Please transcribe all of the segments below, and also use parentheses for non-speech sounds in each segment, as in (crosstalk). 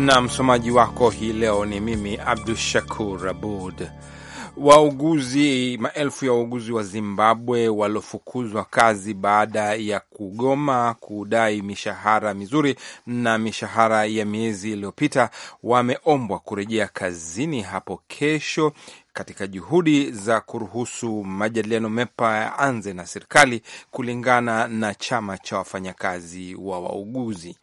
na msomaji wako hii leo ni mimi Abdu Shakur Abud. Wauguzi, maelfu ya wauguzi wa Zimbabwe waliofukuzwa kazi baada ya kugoma kudai mishahara mizuri na mishahara ya miezi iliyopita wameombwa kurejea kazini hapo kesho katika juhudi za kuruhusu majadiliano mepa yaanze na serikali kulingana na chama cha wafanyakazi wa wauguzi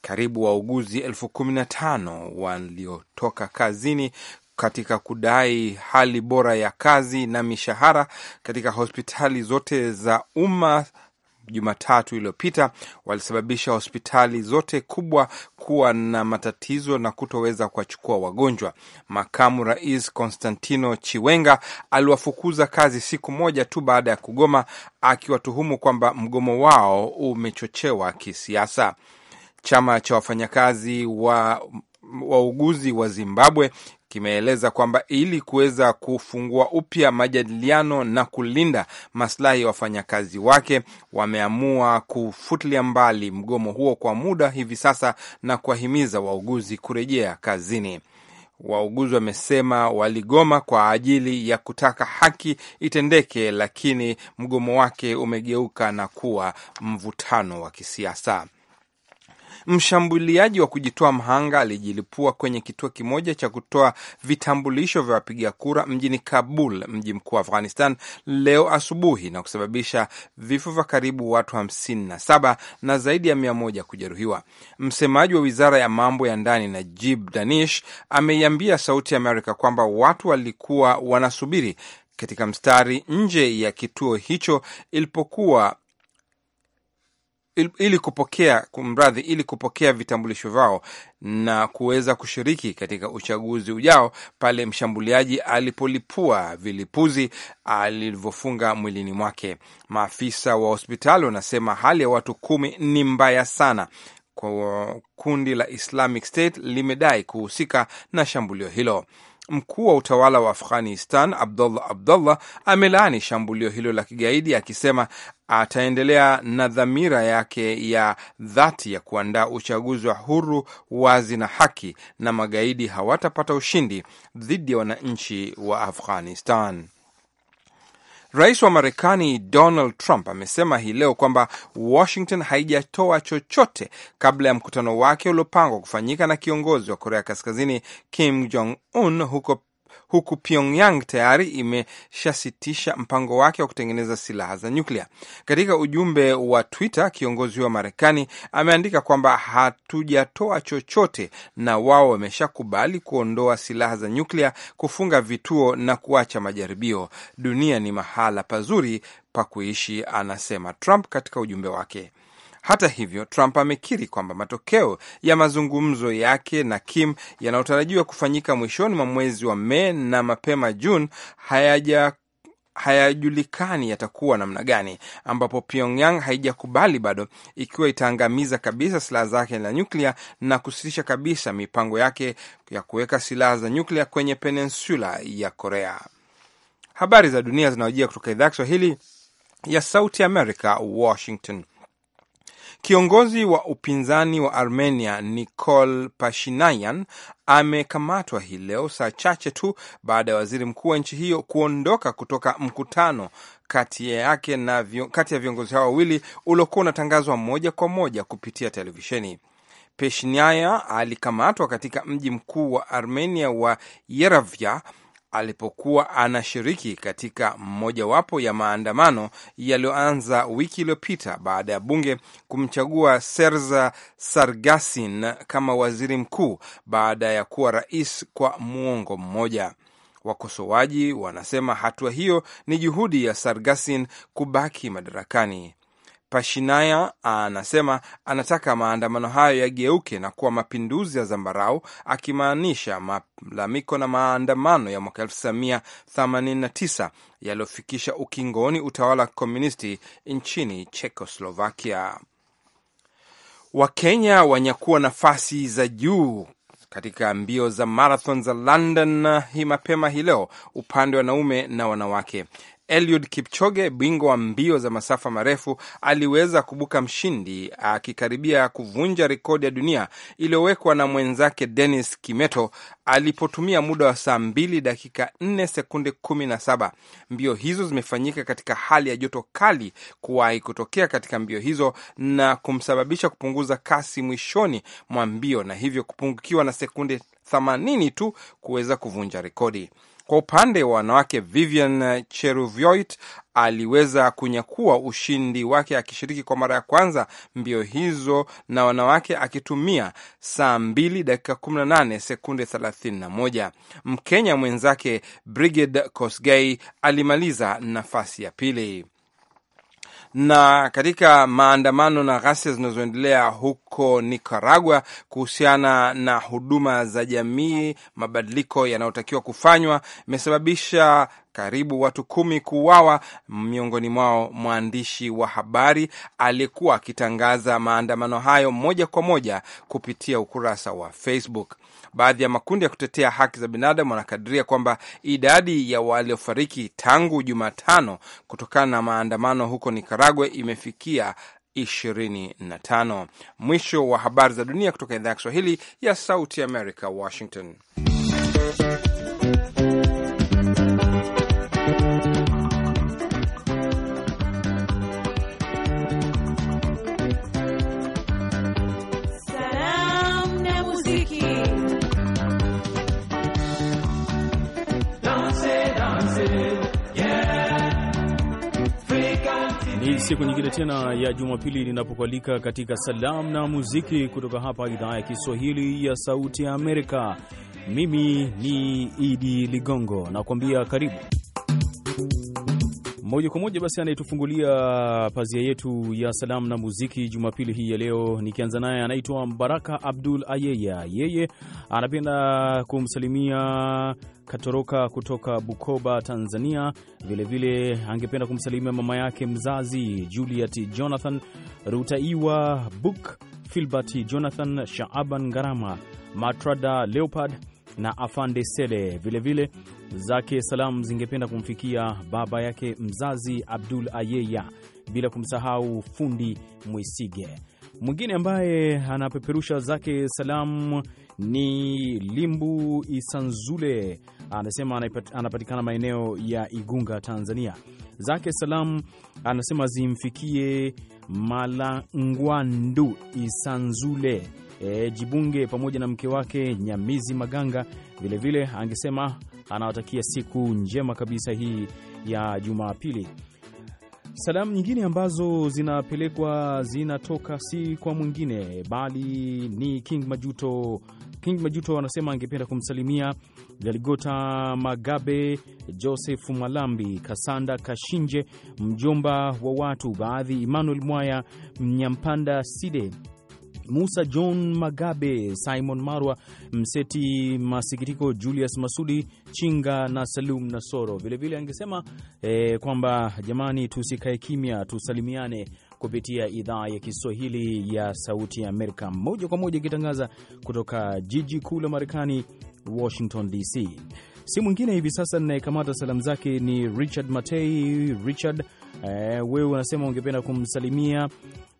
karibu wauguzi elfu kumi na tano waliotoka kazini katika kudai hali bora ya kazi na mishahara katika hospitali zote za umma Jumatatu iliyopita walisababisha hospitali zote kubwa kuwa na matatizo na kutoweza kuwachukua wagonjwa. Makamu Rais Konstantino Chiwenga aliwafukuza kazi siku moja tu baada ya kugoma, akiwatuhumu kwamba mgomo wao umechochewa kisiasa. Chama cha wafanyakazi wa wauguzi wa Zimbabwe kimeeleza kwamba ili kuweza kufungua upya majadiliano na kulinda maslahi ya wafanyakazi wake, wameamua kufutilia mbali mgomo huo kwa muda hivi sasa na kuwahimiza wauguzi kurejea kazini. Wauguzi wamesema waligoma kwa ajili ya kutaka haki itendeke, lakini mgomo wake umegeuka na kuwa mvutano wa kisiasa. Mshambuliaji wa kujitoa mhanga alijilipua kwenye kituo kimoja cha kutoa vitambulisho vya wapiga kura mjini Kabul, mji mkuu wa Afghanistan, leo asubuhi na kusababisha vifo vya karibu watu hamsini na zaidi ya moja kujeruhiwa. Msemaji wa wizara ya mambo ya ndani Najib Danish ameiambia Sauti ya Amerika kwamba watu walikuwa wanasubiri katika mstari nje ya kituo hicho ilipokuwa ili kupokea kumradhi, ili kupokea vitambulisho vyao na kuweza kushiriki katika uchaguzi ujao, pale mshambuliaji alipolipua vilipuzi alivyofunga mwilini mwake. Maafisa wa hospitali wanasema hali ya watu kumi ni mbaya sana. Kwa kundi la Islamic State limedai kuhusika na shambulio hilo. Mkuu wa utawala wa Afghanistan Abdullah Abdullah amelaani shambulio hilo la kigaidi akisema ataendelea na dhamira yake ya dhati ya kuandaa uchaguzi wa huru, wazi na haki, na magaidi hawatapata ushindi dhidi ya wananchi wa Afghanistan. Rais wa Marekani Donald Trump amesema hii leo kwamba Washington haijatoa chochote kabla ya mkutano wake uliopangwa kufanyika na kiongozi wa Korea Kaskazini Kim Jong Un huko huku Pyongyang tayari imeshasitisha mpango wake wa kutengeneza silaha za nyuklia. Katika ujumbe wa Twitter, kiongozi wa Marekani ameandika kwamba hatujatoa chochote na wao wameshakubali kuondoa silaha za nyuklia, kufunga vituo na kuacha majaribio. Dunia ni mahala pazuri pa kuishi, anasema Trump katika ujumbe wake. Hata hivyo, Trump amekiri kwamba matokeo ya mazungumzo yake na Kim yanayotarajiwa kufanyika mwishoni mwa mwezi wa Mei na mapema Juni hayaja hayajulikani yatakuwa namna gani, ambapo Pyongyang haijakubali bado ikiwa itaangamiza kabisa silaha zake za nyuklia na kusitisha kabisa mipango yake ya kuweka silaha za nyuklia kwenye peninsula ya Korea. Habari za dunia zinaojia kutoka idhaa ya Kiswahili ya Sauti America, Washington. Kiongozi wa upinzani wa Armenia Nikol Pashinyan amekamatwa hii leo saa chache tu baada ya waziri mkuu wa nchi hiyo kuondoka kutoka mkutano kati yake na kati ya viongozi hao wawili uliokuwa unatangazwa moja kwa moja kupitia televisheni. Peshinaya alikamatwa katika mji mkuu wa Armenia wa Yerevan alipokuwa anashiriki katika mmojawapo ya maandamano yaliyoanza wiki iliyopita baada ya bunge kumchagua Serza Sargasin kama waziri mkuu baada ya kuwa rais kwa muongo mmoja. Wakosoaji wanasema hatua hiyo ni juhudi ya Sargasin kubaki madarakani pashinaya ah, anasema anataka maandamano hayo yageuke na kuwa mapinduzi ya zambarau, akimaanisha malalamiko na maandamano ya mwaka 1989 yaliyofikisha ukingoni utawala wa kikomunisti nchini Chekoslovakia. Wakenya wanyakuwa nafasi za juu katika mbio za marathon za London ah, hii mapema hii leo upande wa wanaume na wanawake. Eliud Kipchoge, bingwa wa mbio za masafa marefu, aliweza kubuka mshindi akikaribia kuvunja rekodi ya dunia iliyowekwa na mwenzake denis Kimeto alipotumia muda wa saa mbili dakika 4 sekunde 17. Mbio hizo zimefanyika katika hali ya joto kali kuwahi kutokea katika mbio hizo na kumsababisha kupunguza kasi mwishoni mwa mbio na hivyo kupungukiwa na sekunde 80 tu kuweza kuvunja rekodi. Kwa upande wa wanawake, Vivian Cheruvoit aliweza kunyakua ushindi wake akishiriki kwa mara ya kwanza mbio hizo na wanawake akitumia saa 2 dakika 18 sekunde 31. Mkenya mwenzake Brigid Kosgei alimaliza nafasi ya pili. Na katika maandamano na ghasia zinazoendelea huko Nicaragua kuhusiana na huduma za jamii, mabadiliko yanayotakiwa kufanywa imesababisha karibu watu kumi kuuawa, miongoni mwao mwandishi wa habari aliyekuwa akitangaza maandamano hayo moja kwa moja kupitia ukurasa wa Facebook. Baadhi ya makundi ya kutetea haki za binadamu wanakadiria kwamba idadi ya waliofariki tangu Jumatano kutokana na maandamano huko Nikaragua imefikia 25. Mwisho wa habari za dunia kutoka idhaa ya Kiswahili ya Sauti Amerika, Washington. siku nyingine tena ya Jumapili ninapokualika katika salamu na muziki kutoka hapa idhaa ya Kiswahili ya Sauti ya Amerika. Mimi ni Idi Ligongo nakuambia karibu moja kwa moja. Basi anayetufungulia pazia yetu ya salamu na muziki Jumapili hii ya leo, nikianza naye anaitwa Mbaraka Abdul Ayeya. Yeye anapenda kumsalimia Katoroka kutoka Bukoba, Tanzania. Vilevile vile, angependa kumsalimia mama yake mzazi Juliet Jonathan Rutaiwa, Buk Filbert Jonathan, Shaaban Ngarama, Matrada Leopard na Afande Sele. Vilevile zake salamu zingependa kumfikia baba yake mzazi Abdul Ayeya, bila kumsahau fundi Mwisige. Mwingine ambaye anapeperusha zake salamu ni Limbu Isanzule anasema anapatikana maeneo ya Igunga, Tanzania. Zake salamu anasema zimfikie Malangwandu Isanzule e, Jibunge pamoja na mke wake Nyamizi Maganga. Vilevile vile, angesema anawatakia siku njema kabisa hii ya Jumapili. Salamu nyingine ambazo zinapelekwa zinatoka si kwa mwingine bali ni King Majuto King Majuto anasema angependa kumsalimia Galigota Magabe, Joseph malambi Kasanda Kashinje, mjomba wa watu baadhi, Emmanuel Mwaya, Mnyampanda Side, Musa John Magabe, Simon Marwa, Mseti Masikitiko, Julius Masudi Chinga na Salum Nasoro. Vilevile angesema eh, kwamba jamani, tusikae kimya, tusalimiane kupitia idhaa ya Kiswahili ya Sauti ya Amerika, moja kwa moja ikitangaza kutoka jiji kuu la Marekani, Washington DC. Si mwingine hivi sasa ninayekamata salamu zake ni Richard Matei. Richard, eh, wewe unasema ungependa kumsalimia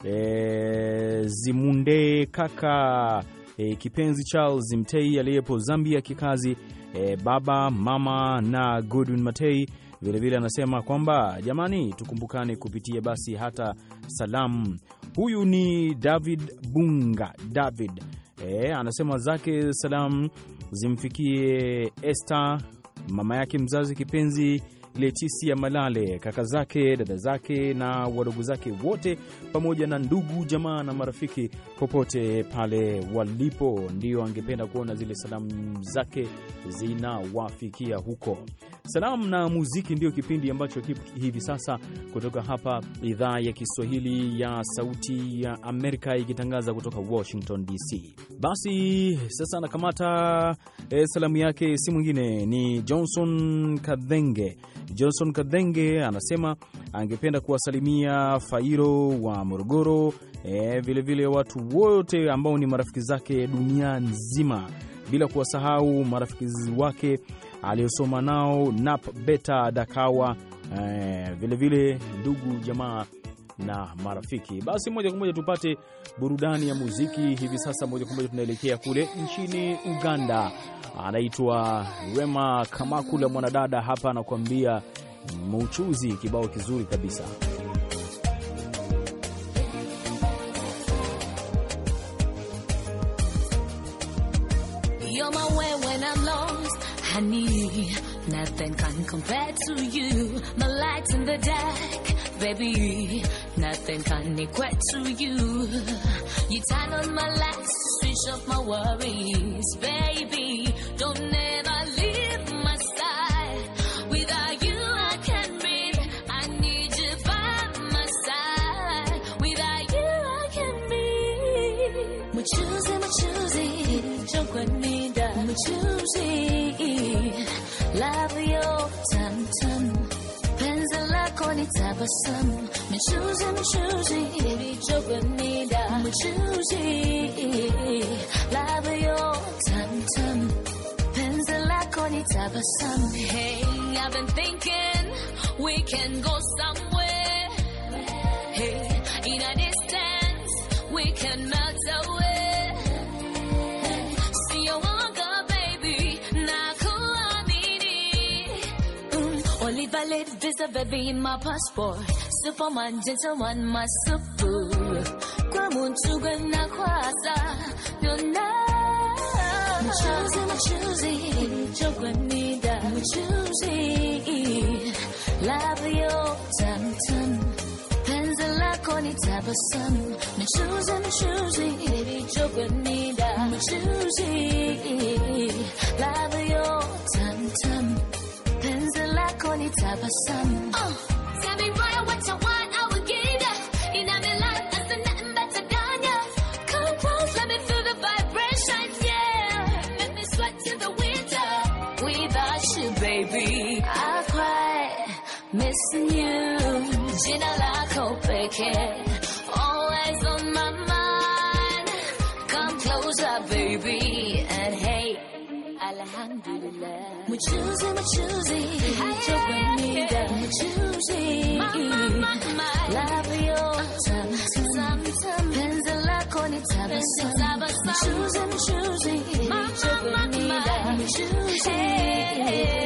eh, Zimunde kaka eh, kipenzi Charles Mtei aliyepo Zambia kikazi, eh, baba mama na Godwin Matei Vilevile anasema kwamba jamani, tukumbukane kupitia basi hata salamu. Huyu ni David Bunga David e, anasema zake salamu zimfikie Esther mama yake mzazi kipenzi Letisia Malale, kaka zake, dada zake na wadogo zake wote, pamoja na ndugu jamaa na marafiki popote pale walipo, ndio angependa kuona zile salamu zake zinawafikia huko. Salamu na muziki ndio kipindi ambacho kipo hivi sasa kutoka hapa idhaa ya Kiswahili ya Sauti ya Amerika ikitangaza kutoka Washington DC. Basi sasa nakamata e, salamu yake si mwingine ni Johnson Kadhenge Johnson Kadhenge anasema angependa kuwasalimia Fairo wa Morogoro, vilevile vile watu wote ambao ni marafiki zake dunia nzima, bila kuwasahau marafiki wake aliyosoma nao nap beta Dakawa, vilevile vile ndugu jamaa na marafiki. Basi moja kwa moja tupate burudani ya muziki hivi sasa. Moja kwa moja tunaelekea kule nchini Uganda, anaitwa Rema Kamakula, mwanadada hapa anakuambia Muchuzi, kibao kizuri kabisa. You're my way when I'm lost, honey. Nothing can compare to you, my light in the dark baby. Nothing can equate to you. You turn on my lights, switch off my worries, baby. Don't sun. Me choosy, me choosy, baby jogo nida. Me choosy, love yo tam tam. Penzi lako ni tabasamu. Hey, I've been thinking we can go somewhere. Hey, in a distance we can melt away. is a baby in my passport. Superman, gentleman, my super. Kwa munchuga na kwasa. No, no. I'm choosing, I'm choosing. tam nida. I'm choosing. Love your tantan. Penzi lako nitabasamu. I'm choosing, I'm choosing. Baby, chokwa nida. I'm choosing. Love 잡았음 oh. Tell me why I want you want, I will give ya You know me like nothing, nothing but a ya Come close, let me feel the vibration, yeah Make me sweat till the winter Without you, baby I cry, missing you 지나라 고백해 me choosy, me choosy. You're me, that me choosy. Love you, tam tam. Penzi lako ni tabasamu. Choosy, me choosy. You're me, that me choosy.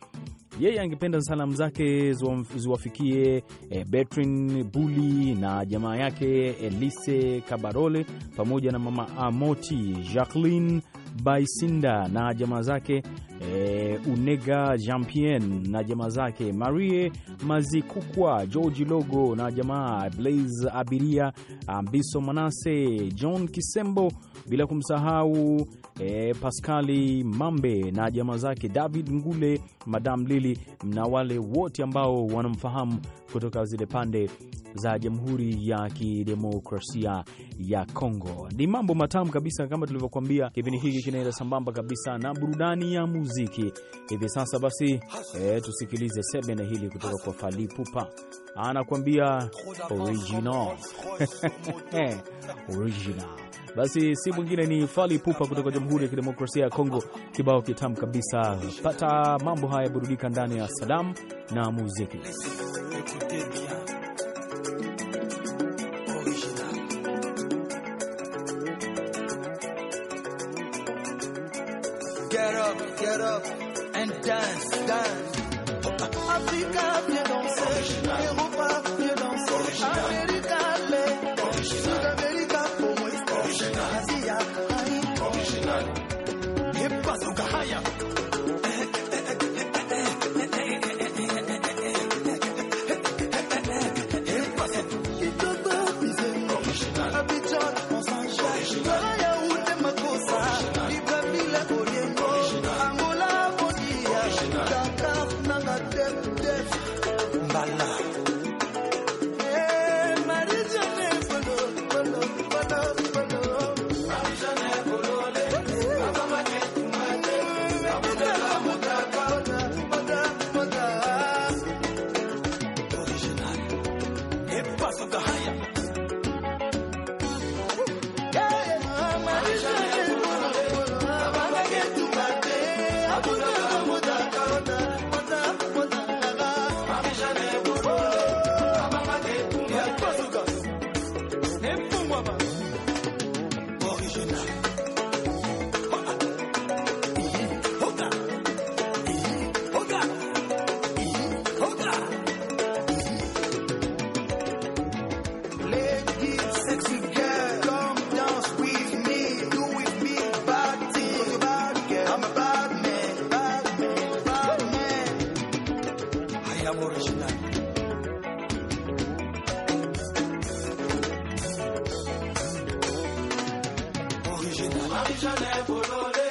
yeye angependa salamu zake ziwafikie e, eh, Betrin Buli na jamaa yake Elise Kabarole pamoja na mama Amoti Jacqueline Baisinda na jamaa zake eh, Unega Jampien na jamaa zake, Marie Mazikukwa, George Logo na jamaa, Blaze Abiria, Ambiso Manase, John Kisembo, bila kumsahau e, eh, Paskali Mambe na jamaa zake, David Ngule, Madam Lili na wale wote ambao wanamfahamu kutoka zile pande za Jamhuri ya Kidemokrasia ya Kongo. Ni mambo matamu kabisa, kama tulivyokuambia, kipindi hiki kinaenda sambamba kabisa na burudani ya muziki muziki hivi sasa. Basi e, tusikilize sebene hili kutoka kwa falipupa anakuambia original (laughs) original. Basi si mwingine ni Fali Pupa kutoka Jamhuri ya Kidemokrasia ya Kongo, kibao kitamu kabisa. Pata mambo haya, burudika ndani ya Salam na muziki. I Abidjan est polonais.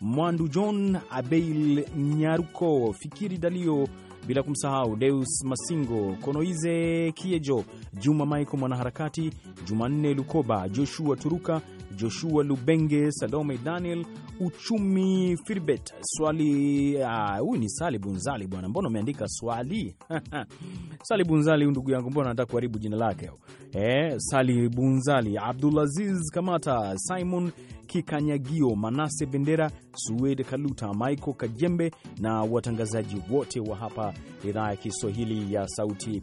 Mwandu John, Abeil Nyaruko, Fikiri Dalio, bila kumsahau Deus Masingo, Konoize Kiejo, Juma Maiko mwanaharakati, Jumanne Lukoba, Joshua Turuka, Joshua Lubenge, Salome Daniel, Uchumi Firbet, Swali ah, huyu uh, ni Sali Bunzali bwana, mbona umeandika swali? (laughs) Sali Bunzali ndugu yangu, mbona nataka kuharibu jina lake eh? Sali Bunzali, Abdulaziz Kamata, Simon Kikanyagio, Manase Bendera, Suwed Kaluta, Michael Kajembe na watangazaji wote wa hapa idhaa ya Kiswahili ya Sauti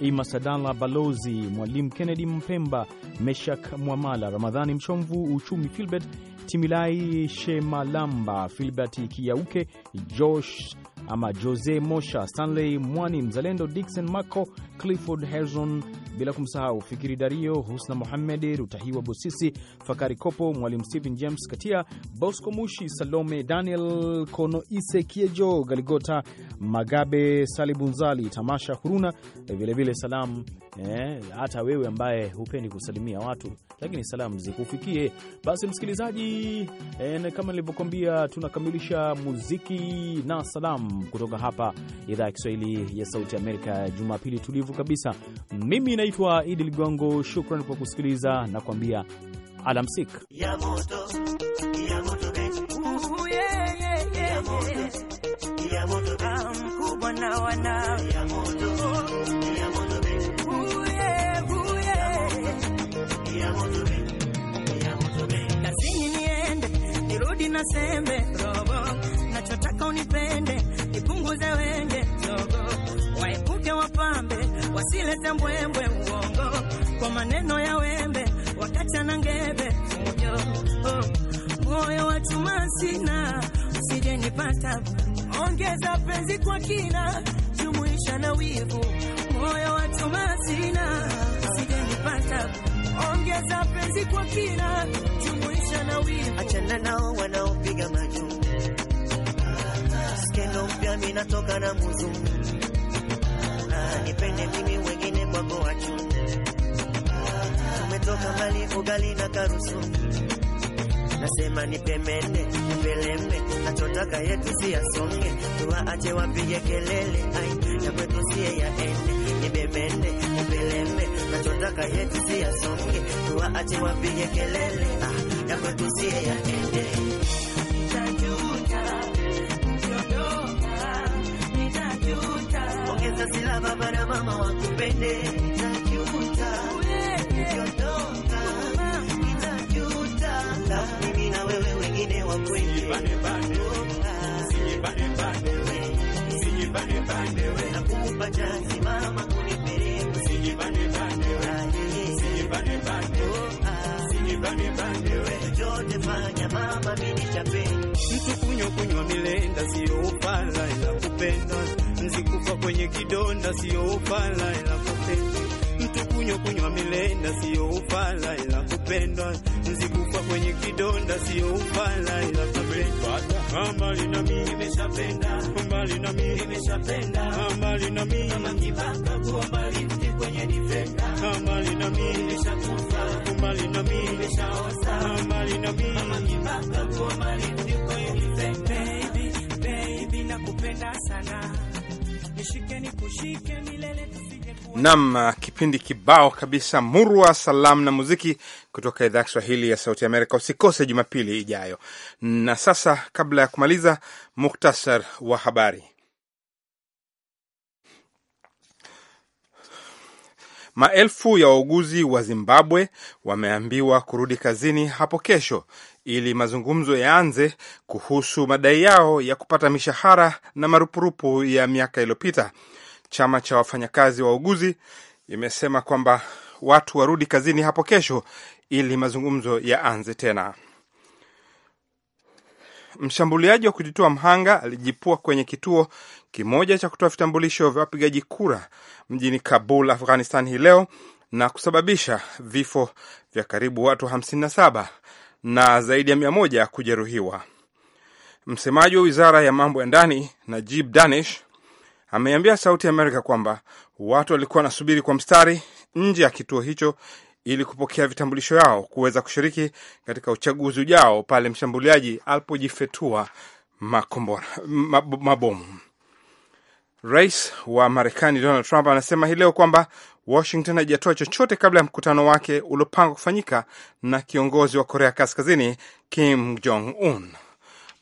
Imasadala Balozi, Mwalimu Kennedy Mpemba, Meshak Mwamala, Ramadhani Mchomvu, Uchumi Filbert Timilai, Shemalamba Filbert Kiauke, Josh ama Jose Mosha, Stanley Mwani, Mzalendo Dixon Marco, Clifford Herzon bila kumsahau Fikiri Dario, Husna Mohamed, Rutahiwa Bosisi, Fakari Kopo, Mwalimu Stephen James Katia, Bosco Mushi, Salome Daniel Konoise, Kiejo Galigota Magabe, Salibunzali, Tamasha Huruna, vilevile salamu eh, hata wewe ambaye hupendi kusalimia watu, lakini salamu zikufikie. Basi msikilizaji, eh, kama nilivyokuambia, tunakamilisha muziki na salamu kutoka hapa idhaa ya Kiswahili ya Sauti Amerika, Jumapili tulivu kabisa. Mimi naitwa Idi Ligongo, shukran kwa kusikiliza na kuambia alamsik yeah, yeah, yeah. lazini niende nirudi na sembe robo, nachotaka unipende nipunguze wenge dogo, waepuke wapambe wasilete mbwembwe uongo kwa maneno ya wembe wakachana na ngebe fujo oh, moyo wa chuma sina usije nipata ongeza penzi kwa kina jumuisha na wivu moyo wa chuma sina usije nipata ongeza penzi kwa kina, jumuisha na wii, achana nao wanaopiga majungu, skendo mpya natoka na muzungu, nipende mimi wengine kwako wachungu, umetoka mbali ugali na karusu Nasema nipemene nipeleme, nachotaka yetu si yasonge, tuwaache wapige kelele, ai ya kwetu ni yaende. Nipemene nipeleme, nachotaka yetu si yasonge waache wapige kelele ah, ya kwetu sie yaende ongeza sila baba na mama wakupende mimi na wewe wengine wakwende nakukupa chance Mtu kunywa kunywa milenda siyo upala ila kupenda, nzi kwenye kidonda siyo upala ila kupenda. Mtu kunywa kunywa milenda siyo upala ila kupenda, nzi kwenye kidonda siyo upala ila kupenda. Mbali na mimi nimeshapenda, mbali na mimi nimeshapenda, mbali na mimi kama kibaka kuwa mbali kwenye difenda, mbali na mimi nimeshakufa Nam kipindi kibao kabisa murwa salamu na muziki kutoka idhaa ya Kiswahili ya Sauti Amerika. Usikose Jumapili ijayo. Na sasa, kabla ya kumaliza, muktasar wa habari. Maelfu ya wauguzi wa Zimbabwe wameambiwa kurudi kazini hapo kesho ili mazungumzo yaanze kuhusu madai yao ya kupata mishahara na marupurupu ya miaka iliyopita. Chama cha wafanyakazi wa uguzi imesema kwamba watu warudi kazini hapo kesho ili mazungumzo yaanze tena. Mshambuliaji wa kujitoa mhanga alijipua kwenye kituo kimoja cha kutoa vitambulisho vya wapigaji kura mjini Kabul, Afghanistan hii leo na kusababisha vifo vya karibu watu 57 na zaidi ya 1 kujeruhiwa. Msemaji wa wizara ya mambo ya ndani Najib Danish ameambia Sauti ya Amerika kwamba watu walikuwa wanasubiri kwa mstari nje ya kituo hicho ili kupokea vitambulisho yao kuweza kushiriki katika uchaguzi ujao pale mshambuliaji alipojifetua makombora mabomu. Rais wa Marekani Donald Trump anasema hii leo kwamba Washington haijatoa chochote kabla ya mkutano wake uliopangwa kufanyika na kiongozi wa Korea Kaskazini Kim Jong Un.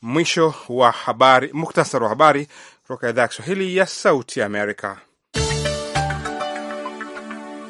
Mwisho wa habari, muktasari wa habari kutoka idhaa ya Kiswahili ya Sauti ya Amerika.